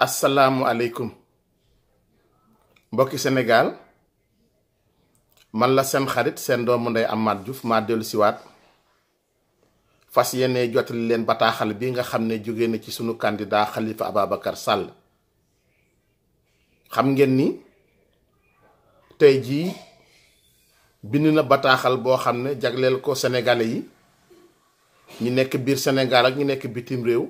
asalaamualeykum mbokki senegaal man la seen xarit seen doomu ndey am Diouf maa dellu dellusiwaat fas yéene jotali leen bataaxal bi nga xam ne jóge na ci sunu candidat Khalifa Ababacar Sall xam ngeen ni tey jii bind na bataaxal boo xam ne jagleel ko sénégalais yi ñu nekk biir Sénégal ak ñi nekk bitim réew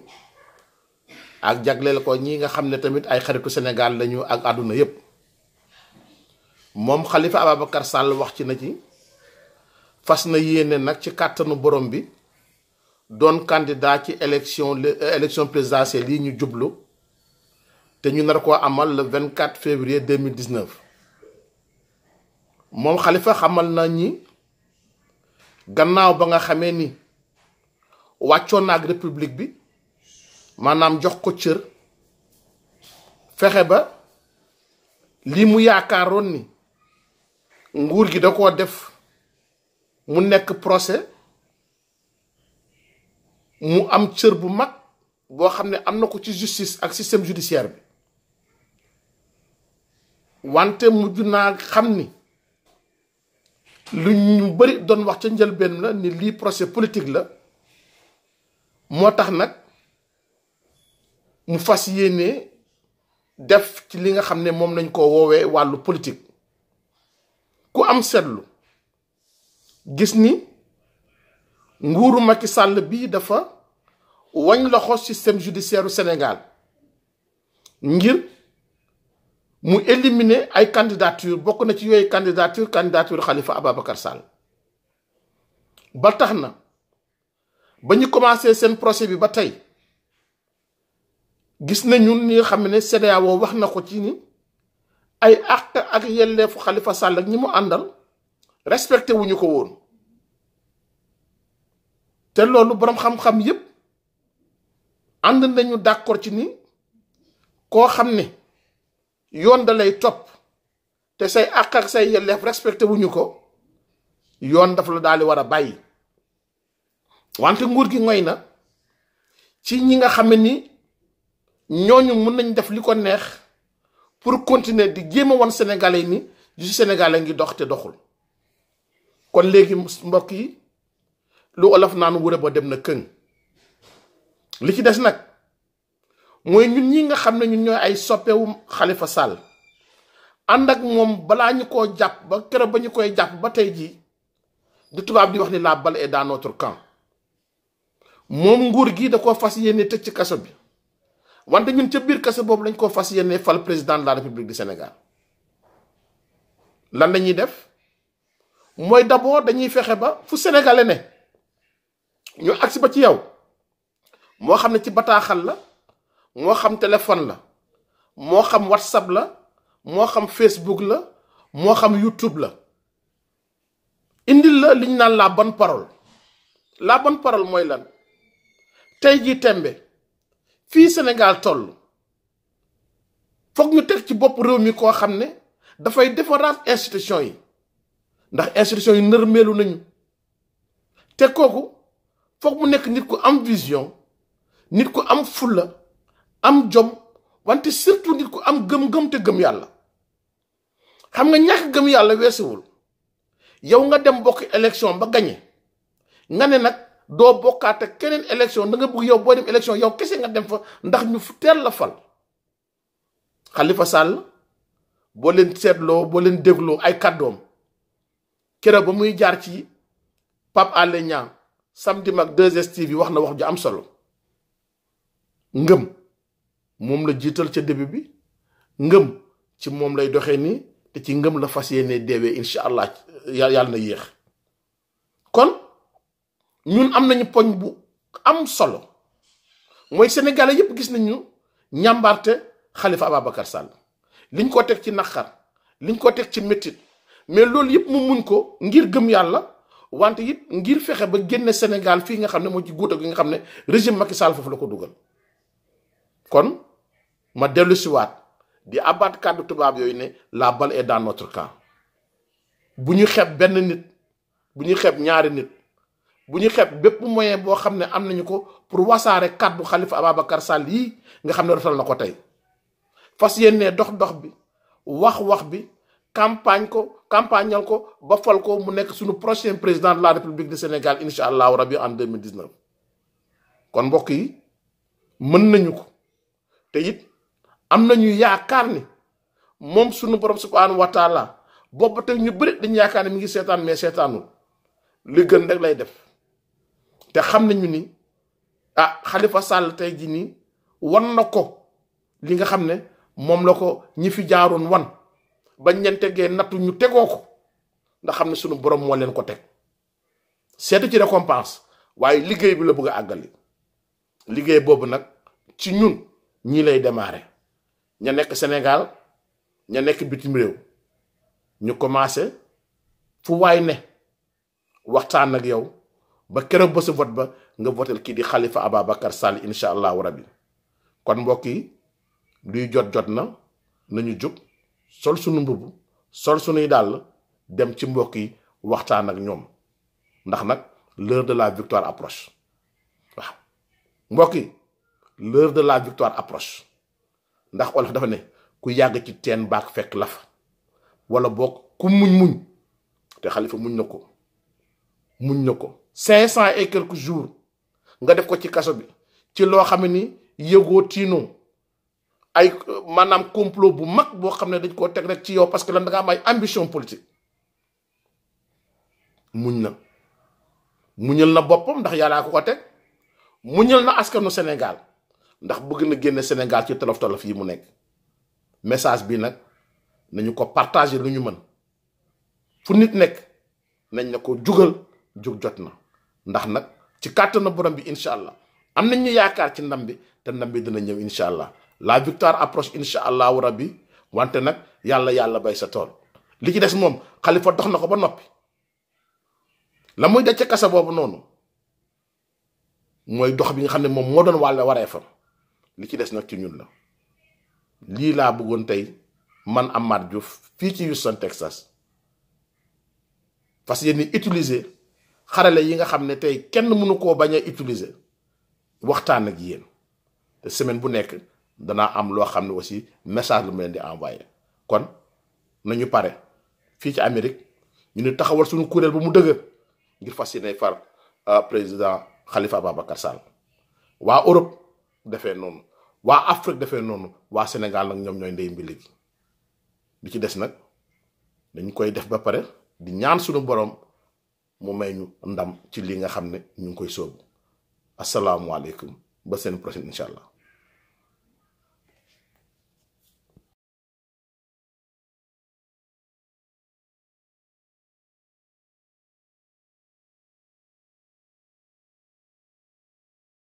ak jagleel ko ñi nga xam ne tamit ay xaritu Sénégal lañu ak àdduna yépp moom Khalifa Ababacar Sall wax ci na ci fas na yéene nag ci kàttanu borom bi doon candidat ci élection élection présidentielle yi ñu jublu te ñu nar koo amal vingt le 24 février 2019 moom xalifa xamal na ñi gannaaw ba nga xamee ni wàccoon na ak république bi maanaam jox ko cër fexe ba lii mu yaakaaroon ni nguur gi da ko def mu nekk procès mu am cër bu mag boo xam ne am na ko ci justice ak système judiciaire bi wante mujj naa xam ni lu ñu bari doon wax ca njëlbeen la ni lii procès politique la moo tax nag mu fas yéene def ci li nga xam ne moom lañ ko woowee wàllu politique ku am seetlu gis ni nguuru Macky Sall bi dafa wañ loxo système judiciaire u Sénégal ngir mu éliminer ay candidature bokk na ci yooyu candidature candidature Khalifa Ababacar Sall ba tax na ba ñu commencé seen procès bi ba tey gis na ñun li nga xam ne CEDEAO wax na ko ci ni ay àq ak yelleefu Khalifa Sall ak ñi mu àndal respecté wuñu ko woon te loolu boroom xam-xam yépp ànd nañu d'accord ci nii koo xam ne yoon dalay topp te say àq ak say yelleef respecté wuñu ko yoon dafa la daal di war a bàyyi wante nguur gi ngoy na ci ñi nga xam ni ñooñu mun nañ def li ko neex pour continuer di jéem a wan sénégalais ni justice sénégalais ngi dox te doxul kon léegi mbokk yi lu olof naan wure ba dem na këng li ci des nag mooy ñun ñi nga xam ne ñun ñooy ay soppewu xalifa Sall ànd ak moom balaa ñu koo jàpp ba keroog ba ñu koy jàpp ba tey jii di tubaab di wax ni laa balle est dans notre camp moom nguur gi da koo fas yéene tëj ci kaso bi wante ñun ca biir kase boobu lañ koo fas yéene fal président de la république du Sénégal lan la def mooy d'abord dañuy fexe ba fu sénégalais ne ñu agsi ba ci yow moo xam ne ci bataaxal la moo xam téléphone la moo xam whatsapp la moo xam facebook la moo xam youtube la indil la liñ naan la ban parole la bonne parole mooy lan tey jii tembe fii Sénégal toll foog ñu teg ci bopp réew mi koo xam ne dafay defaraat institution yi ndax institution yi nërmeelu nañu te kooku foog mu nekk nit ku am vision nit ku am fulla am jom wante surtout nit ku am gëm-gëm te gëm yàlla xam nga ñàkk gëm yàlla weesuwul yow nga dem bokk élection ba gañe nga ne nag doo bokkaate ak keneen élection da nga bëgg yow boo dem élection yow kese nga dem fa ndax ñu fu teel la fal xalifa sàll boo leen seetloo boo leen dégloo ay kàddoom keroog ba muy jaar ci Pape Alé Niang samedi mag 2STV wax na wax ju am solo ngëm moom la jiital ca début bi ngëm ci moom lay doxee nii te ci ngëm la fas yéene deewee incha allah yàlla na yéex kon ñun am nañu poñ bu am solo mooy sénégalais yépp gis nañu ñàmbarte Khalifa Ababacar Sall liñ ko teg ci naqar liñ ko teg ci métit mais loolu yëpp mu muñ ko ngir gëm yàlla wante it ngir fexe ba génne Sénégal fii nga xam ne moo ci guuta gi nga xam ne régime Macky Sall foofu la ko dugal kon ma dellu siwaat di abaat kàddu tubaab yooyu ne laa bal est dans notre camp bu ñu xeeb benn nit bu ñu xeeb ñaari nit bu ñu xeeb bépp moyen boo xam ne am nañu ko pour wasaare kàddu xalifa Ababacar Sall yii nga xam ne rafetal na ko tey fas yéene dox dox bi wax wax bi campagne ko campagnal ko ba fal ko mu nekk suñu prochain président de la république du Sénégal incha allahu rabi en 2019 kon mbokk yi mën nañu ko te it am nañu yaakaar ni moom sunu borom subhanahu wa taala boobu te ñu bëri dañu yaakaar ne mu ngi seetaan mais seetaanul li gën rek lay def te xam nañu ni ah Khalifa Sall tey jii nii wan na ko li nga xam ne moom la ko ñi fi jaaroon wan bañ leen tegee nattu ñu tegoo ko nga xam ne sunu borom moo leen ko teg seetu ci récompense waaye liggéey bi la bëgg àggali liggéey boobu nag ci ñun ñii lay démarrer ña nekk Sénégal ña nekk bitim réew ñu commencé fu waay ne waxtaan ak yow. ba keroog ba su vote ba nga votel kii di Khalifa Ababacar Sall incha allahu rabi kon mbokk yi luy jot jot na nañu jóg sol sunu mbubb sol sunuy dàll dem ci mbokk yi waxtaan ak ñoom ndax nag leur de la victoire approche waaw mbokk yi l'heure de la victoire approche ndax olof dafa ne ku yàgg ci teen baak fekk la fa wala bokk ku muñ muñ te xalifa muñ na ko muñ na ko cinq cent et quelques jours nga def ko ci kaso bi ci loo xam ne ni yëgoo tiinoo ay maanaam complot bu mag boo xam ne dañ koo teg rek ci yow parce que lan da am ay ambition politique muñ na muñal na boppam ndax yàllaa ko ko teg muñal na askanu Sénégal ndax bëgg na génne Sénégal ci tolof tolof yi mu nekk message bi nag nañu ko partager lu ñu mën fu nit nekk nañ na ko jugal jug jot na ndax nag ci kàttanu borom bi incha allah am nañ ñu yaakaar ci ndam bi te ndam bi dina ñëw incha allah la victoire approche incha allahu rabbi wante nag yàlla yàlla bay sa tool li ci des moom xalifa dox na ko ba noppi la muy de ca kasa boobu noonu mooy dox bi nga xam ne moom moo doon wàll waree fam li ci des nag ci ñun la lii laa bëggoon tey man Amath Diouf fii ci Houston Texas parce que yéen ñi xarale yi nga xam ne tey kenn mënu koo bañ a utiliser waxtaan ak yéen te semaine bu nekk danaa am loo xam ne aussi message lu mu leen di envoyé kon nañu pare fii ci Amérique ñu ni taxawal suñu kuréel bu mu dëgër ngir fas yéene far euh, président Khalifa Ababacar Sall waa Europe defee noonu waa Afrique defee noonu waa Sénégal nag ñoom ñooy ndey mbili gi bi ci des nag dañ koy def ba pare di ñaan suñu borom. mu may ñu ndam ci li nga xam ne ñu ngi koy sóobu asalaamualeykum ba seen prochaine incha allah.